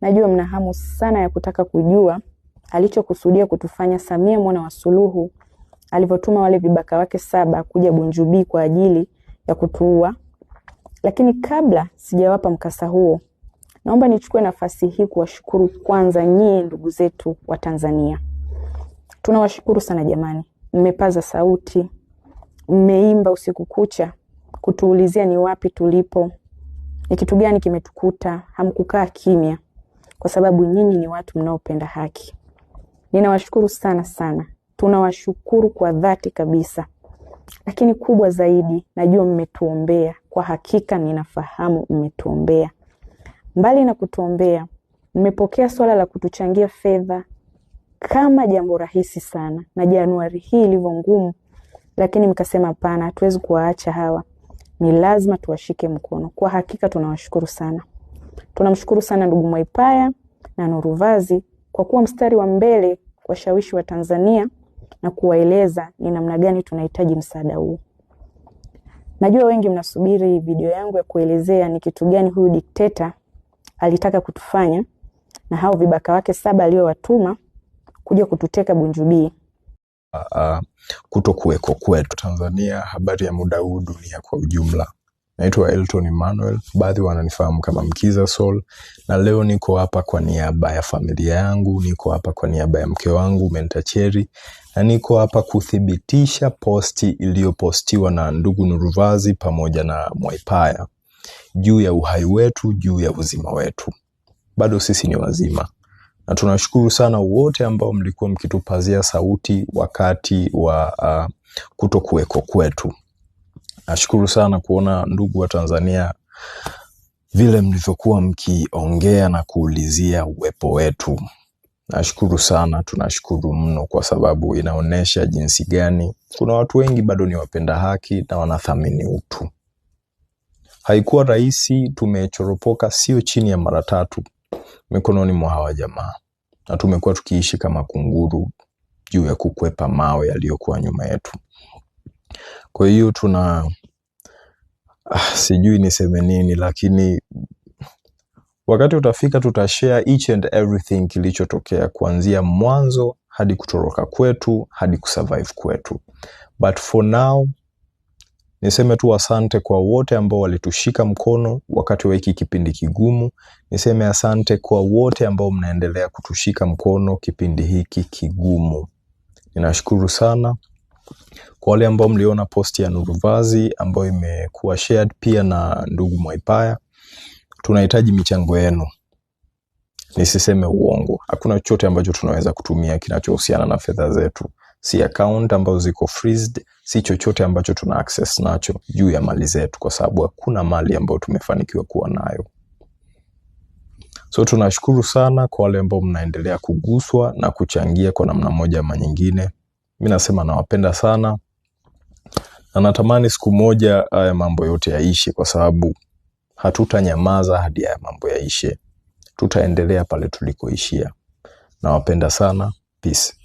Najua mna hamu sana ya kutaka kujua alichokusudia kutufanya Samia mwana wa Suluhu alivyotuma wale vibaka wake saba kuja Bunjubi kwa ajili ya kutuua. Lakini kabla sijawapa mkasa huo, naomba nichukue nafasi hii kuwashukuru kwanza nyie ndugu zetu wa Tanzania. Tunawashukuru sana jamani, mmepaza sauti, mmeimba usiku kucha kutuulizia ni wapi tulipo ni kitu gani kimetukuta? Hamkukaa kimya, kwa sababu nyinyi ni watu mnaopenda haki. Ninawashukuru sana sana, tunawashukuru kwa dhati kabisa. Lakini kubwa zaidi, najua mmetuombea. Kwa hakika ninafahamu mmetuombea. Mbali na kutuombea, mmepokea swala la kutuchangia fedha kama jambo rahisi sana, na Januari hii ilivyo ngumu, lakini mkasema hapana, hatuwezi kuwaacha hawa ni lazima tuwashike mkono. Kwa hakika tunawashukuru sana, tunamshukuru sana ndugu Mwaipaya na Nuruvazi kwa kuwa mstari wa mbele kuwashawishi wa Tanzania na kuwaeleza ni namna gani tunahitaji msaada huu. Najua wengi mnasubiri video yangu ya kuelezea ni kitu gani huyu dikteta alitaka kutufanya na hao vibaka wake saba aliyowatuma kuja kututeka bunjubii uh, kuweko kwetu Tanzania. Habari ya muda huu dunia kwa ujumla. Naitwa Elton Emmanuel, baadhi wananifahamu kama Mkiza Soul, na leo niko hapa kwa niaba ya familia yangu, niko hapa kwa niaba ya mke wangu Menta na niko hapa kuthibitisha posti iliyopostiwa na ndugu Nuruvazi pamoja na Mwaipaya juu ya uhai wetu, juu ya uzima wetu. Bado sisi ni wazima na tunashukuru sana wote ambao mlikuwa mkitupazia sauti wakati wa uh, kuto kuweko kwetu. Nashukuru sana kuona ndugu wa Tanzania vile mlivyokuwa mkiongea na kuulizia uwepo wetu. Nashukuru sana, tunashukuru mno, kwa sababu inaonyesha jinsi gani kuna watu wengi bado ni wapenda haki na wanathamini utu. Haikuwa rahisi, tumechoropoka sio chini ya mara tatu mikononi mwa hawa jamaa, na tumekuwa tukiishi kama kunguru juu ya kukwepa mawe yaliyokuwa nyuma yetu. Kwa hiyo tuna ah, sijui niseme nini, lakini wakati utafika tutashare each and everything kilichotokea kuanzia mwanzo hadi kutoroka kwetu hadi kusurvive kwetu, but for now Niseme tu asante kwa wote ambao walitushika mkono wakati wa hiki kipindi kigumu. Niseme asante kwa wote ambao mnaendelea kutushika mkono kipindi hiki kigumu. Ninashukuru sana kwa wale ambao mliona posti ya Nuruvazi ambayo imekuwa shared pia na ndugu Mwaipaya. Tunahitaji michango yenu. Nisiseme uongo, hakuna chochote ambacho tunaweza kutumia kinachohusiana na fedha zetu si account ambazo ziko freezed, si chochote ambacho tuna access nacho juu ya mali zetu, kwa sababu hakuna mali ambayo tumefanikiwa kuwa nayo. So tunashukuru sana kwa wale ambao mnaendelea kuguswa na kuchangia kwa namna moja ama nyingine. Mimi nasema nawapenda sana na natamani siku moja haya mambo yote yaishe, kwa sababu hatutanyamaza hadi haya mambo yaishe. Tutaendelea pale tulikoishia. Nawapenda sana. Peace.